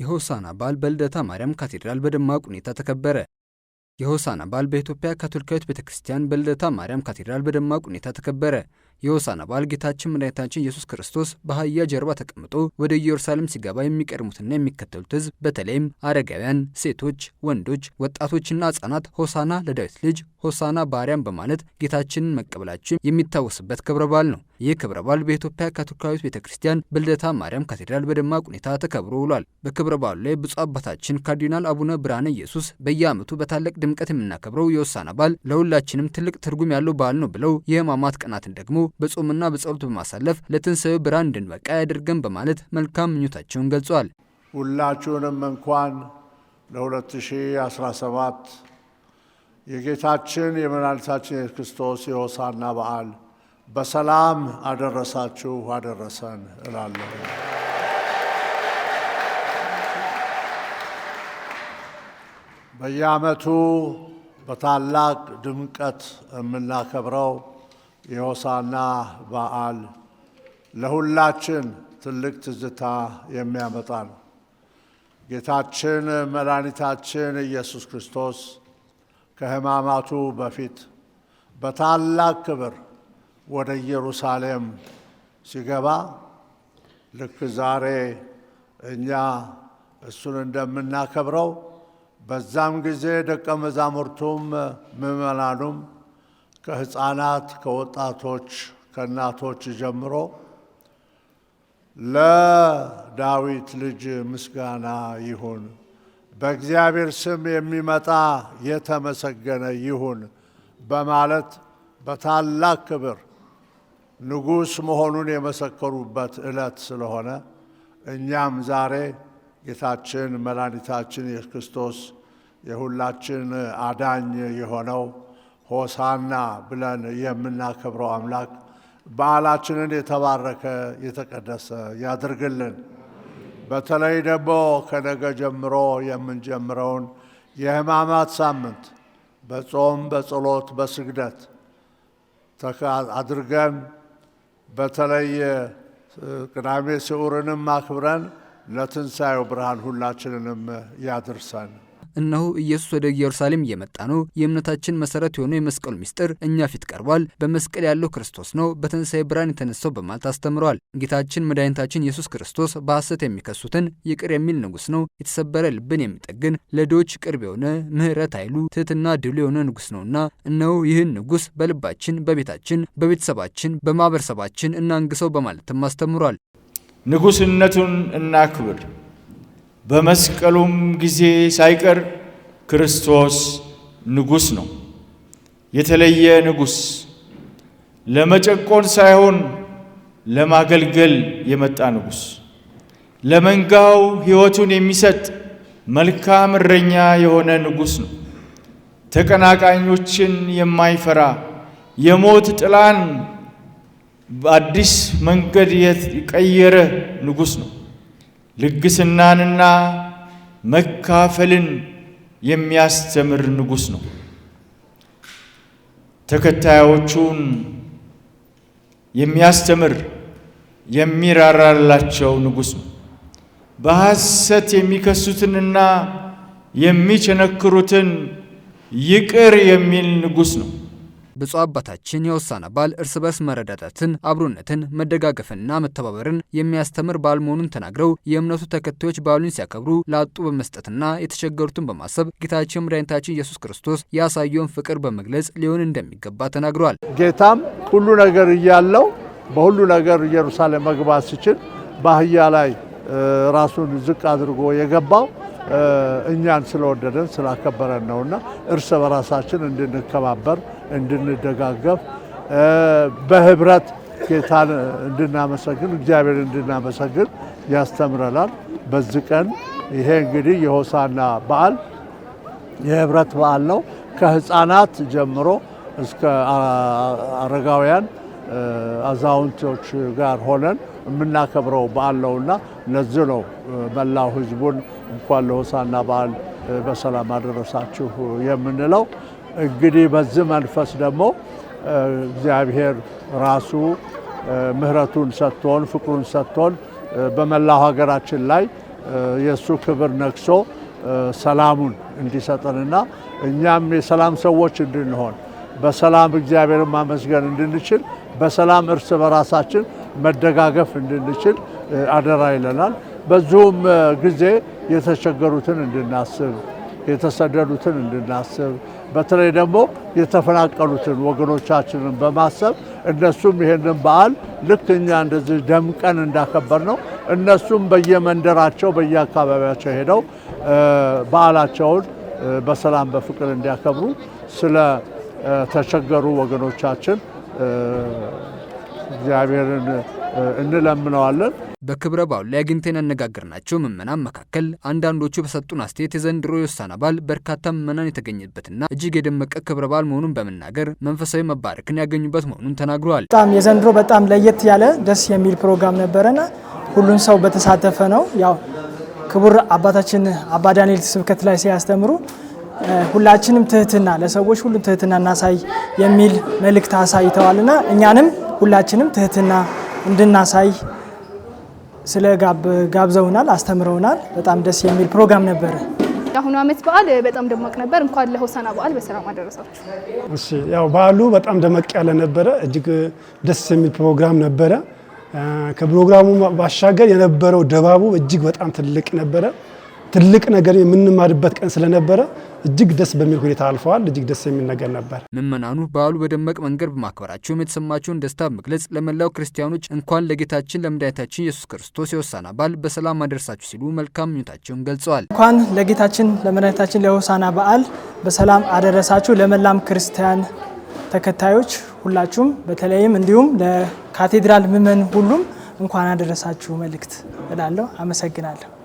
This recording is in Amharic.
የሆሳና በዓል በልደታ ማርያም ካቴድራል በደማቅ ሁኔታ ተከበረ። የሆሳና በዓል በኢትዮጵያ ካቶሊካዊት ቤተ ክርስቲያን በልደታ ማርያም ካቴድራል በደማቅ ሁኔታ ተከበረ። የሆሳና በዓል ጌታችን መድኃኒታችን ኢየሱስ ክርስቶስ በአህያ ጀርባ ተቀምጦ ወደ ኢየሩሳሌም ሲገባ የሚቀድሙትና የሚከተሉት ሕዝብ በተለይም አረጋውያን፣ ሴቶች፣ ወንዶች፣ ወጣቶችና ሕጻናት ሆሳና ለዳዊት ልጅ ሆሳና በአርያም በማለት ጌታችንን መቀበላቸው የሚታወስበት ክብረ በዓል ነው። ይህ ክብረ በዓል በኢትዮጵያ ካቶሊካዊት ቤተ ክርስቲያን በልደታ ማርያም ካቴድራል በደማቅ ሁኔታ ተከብሮ ውሏል። በክብረ በዓሉ ላይ ብፁዕ አባታችን ካርዲናል አቡነ ብርሃነ ኢየሱስ በየዓመቱ በታላቅ ድምቀት የምናከብረው የሆሳዕና በዓል ለሁላችንም ትልቅ ትርጉም ያለው በዓል ነው ብለው የሕማማት ቀናትን ደግሞ በጾምና በጸሎት በማሳለፍ ለትንሣኤው ብርሃን እንድንበቃ ያደርገን በማለት መልካም ምኞታቸውን ገልጿል። ሁላችሁንም እንኳን ለ2017 የጌታችን የመድኃኒታችን የክርስቶስ የሆሳዕና በዓል በሰላም አደረሳችሁ አደረሰን እላለሁ። በየዓመቱ በታላቅ ድምቀት የምናከብረው የሆሳና በዓል ለሁላችን ትልቅ ትዝታ የሚያመጣ ነው። ጌታችን መድኃኒታችን ኢየሱስ ክርስቶስ ከሕማማቱ በፊት በታላቅ ክብር ወደ ኢየሩሳሌም ሲገባ ልክ ዛሬ እኛ እሱን እንደምናከብረው በዛም ጊዜ ደቀ መዛሙርቱም ምዕመናኑም ከሕፃናት፣ ከወጣቶች፣ ከእናቶች ጀምሮ ለዳዊት ልጅ ምስጋና ይሁን፣ በእግዚአብሔር ስም የሚመጣ የተመሰገነ ይሁን በማለት በታላቅ ክብር ንጉሥ መሆኑን የመሰከሩበት ዕለት ስለሆነ እኛም ዛሬ ጌታችን መድኃኒታችን የክርስቶስ የሁላችን አዳኝ የሆነው ሆሳና ብለን የምናከብረው አምላክ በዓላችንን የተባረከ የተቀደሰ ያድርግልን። በተለይ ደግሞ ከነገ ጀምሮ የምንጀምረውን የሕማማት ሳምንት በጾም፣ በጸሎት፣ በስግደት አድርገን በተለየ ቅዳሜ ስዑርንም አክብረን ለትንሣኤው ብርሃን ሁላችንንም ያድርሰን። እነሆ ኢየሱስ ወደ ኢየሩሳሌም እየመጣ ነው። የእምነታችን መሰረት የሆነው የመስቀሉ ምስጢር እኛ ፊት ቀርቧል። በመስቀል ያለው ክርስቶስ ነው በትንሣኤ ብርሃን የተነሳው በማለት አስተምረዋል። ጌታችን መድኃኒታችን ኢየሱስ ክርስቶስ በሐሰት የሚከሱትን ይቅር የሚል ንጉሥ ነው። የተሰበረ ልብን የሚጠግን ለድሆች ቅርብ የሆነ ምሕረት ኃይሉ ትሕትና ድሉ የሆነ ንጉሥ ነውና እነሆ ይህን ንጉሥ በልባችን፣ በቤታችን፣ በቤተሰባችን፣ በማኅበረሰባችን እናንግሰው በማለትም አስተምሯል። ንጉሥነቱን እናክብር። በመስቀሉም ጊዜ ሳይቀር ክርስቶስ ንጉሥ ነው። የተለየ ንጉሥ፣ ለመጨቆን ሳይሆን ለማገልገል የመጣ ንጉሥ፣ ለመንጋው ሕይወቱን የሚሰጥ መልካም እረኛ የሆነ ንጉሥ ነው። ተቀናቃኞችን የማይፈራ የሞት ጥላን በአዲስ መንገድ የቀየረ ንጉሥ ነው። ልግስናንና መካፈልን የሚያስተምር ንጉሥ ነው። ተከታዮቹን የሚያስተምር የሚራራላቸው ንጉሥ ነው። በሐሰት የሚከሱትንና የሚቸነክሩትን ይቅር የሚል ንጉሥ ነው። ብፁዕ አባታችን የሆሳዕና በዓል እርስ በርስ መረዳዳትን፣ አብሮነትን፣ መደጋገፍንና መተባበርን የሚያስተምር በዓል መሆኑን ተናግረው የእምነቱ ተከታዮች በዓሉን ሲያከብሩ ላጡ በመስጠትና የተቸገሩትን በማሰብ ጌታችን መድኃኒታችን ኢየሱስ ክርስቶስ ያሳየውን ፍቅር በመግለጽ ሊሆን እንደሚገባ ተናግረዋል። ጌታም ሁሉ ነገር እያለው በሁሉ ነገር ኢየሩሳሌም መግባት ሲችል በአህያ ላይ ራሱን ዝቅ አድርጎ የገባው እኛን ስለወደደን ስላከበረን ነውና እርስ በራሳችን እንድንከባበር እንድንደጋገፍ በህብረት ጌታን እንድናመሰግን እግዚአብሔር እንድናመሰግን ያስተምረናል። በዚህ ቀን ይሄ እንግዲህ የሆሳና በዓል የህብረት በዓል ነው። ከህፃናት ጀምሮ እስከ አረጋውያን አዛውንቶች ጋር ሆነን የምናከብረው በዓል ነውና ለዚህ ነው መላው ህዝቡን እንኳን ለሆሳና በዓል በሰላም አደረሳችሁ የምንለው። እንግዲህ በዚህ መንፈስ ደግሞ እግዚአብሔር ራሱ ምሕረቱን ሰጥቶን ፍቅሩን ሰጥቶን በመላው ሀገራችን ላይ የእሱ ክብር ነግሶ ሰላሙን እንዲሰጠንና እኛም የሰላም ሰዎች እንድንሆን በሰላም እግዚአብሔርን ማመስገን እንድንችል በሰላም እርስ በራሳችን መደጋገፍ እንድንችል አደራ ይለናል። በዚሁም ጊዜ የተቸገሩትን እንድናስብ የተሰደዱትን እንድናስብ በተለይ ደግሞ የተፈናቀሉትን ወገኖቻችንን በማሰብ እነሱም ይህንን በዓል ልክ እኛ እንደዚህ ደምቀን እንዳከበር ነው እነሱም በየመንደራቸው በየአካባቢያቸው ሄደው በዓላቸውን በሰላም በፍቅር እንዲያከብሩ ስለ ተቸገሩ ወገኖቻችን እግዚአብሔርን እንለምነዋለን። በክብረ በዓሉ ላይ አግኝተን ያነጋገርናቸው ምዕመናን መካከል አንዳንዶቹ በሰጡን አስተያየት የዘንድሮ የሆሳዕና በዓል በርካታ ምዕመናን የተገኘበትና እጅግ የደመቀ ክብረ በዓል መሆኑን በመናገር መንፈሳዊ መባረክን ያገኙበት መሆኑን ተናግረዋል። በጣም የዘንድሮ በጣም ለየት ያለ ደስ የሚል ፕሮግራም ነበረና ሁሉን ሰው በተሳተፈ ነው። ያው ክቡር አባታችን አባ ዳንኤል ስብከት ላይ ሲያስተምሩ ሁላችንም ትህትና ለሰዎች ሁሉ ትህትና እናሳይ የሚል መልእክት አሳይተዋልና እኛንም ሁላችንም ትህትና እንድናሳይ ስለ ጋብዘውናል፣ አስተምረውናል። በጣም ደስ የሚል ፕሮግራም ነበረ። የአሁኑ ዓመት በዓል በጣም ደማቅ ነበር። እንኳን ለሆሳና በዓል በሰላም አደረሳችሁ። እሺ፣ ያው በዓሉ በጣም ደመቅ ያለ ነበረ። እጅግ ደስ የሚል ፕሮግራም ነበረ። ከፕሮግራሙ ባሻገር የነበረው ድባቡ እጅግ በጣም ትልቅ ነበረ። ትልቅ ነገር የምንማርበት ቀን ስለነበረ እጅግ ደስ በሚል ሁኔታ አልፈዋል። እጅግ ደስ የሚል ነገር ነበር። ምዕመናኑ በዓሉ በደመቅ መንገድ በማክበራቸውም የተሰማቸውን ደስታ መግለጽ ለመላው ክርስቲያኖች እንኳን ለጌታችን ለመድኃኒታችን ኢየሱስ ክርስቶስ የሆሳዕና በዓል በሰላም አደረሳችሁ ሲሉ መልካም ምኞታቸውን ገልጸዋል። እንኳን ለጌታችን ለመድኃኒታችን ለሆሳዕና በዓል በሰላም አደረሳችሁ ለመላም ክርስቲያን ተከታዮች ሁላችሁም በተለይም እንዲሁም ለካቴድራል ምዕመን ሁሉም እንኳን አደረሳችሁ መልእክት እላለሁ። አመሰግናለሁ።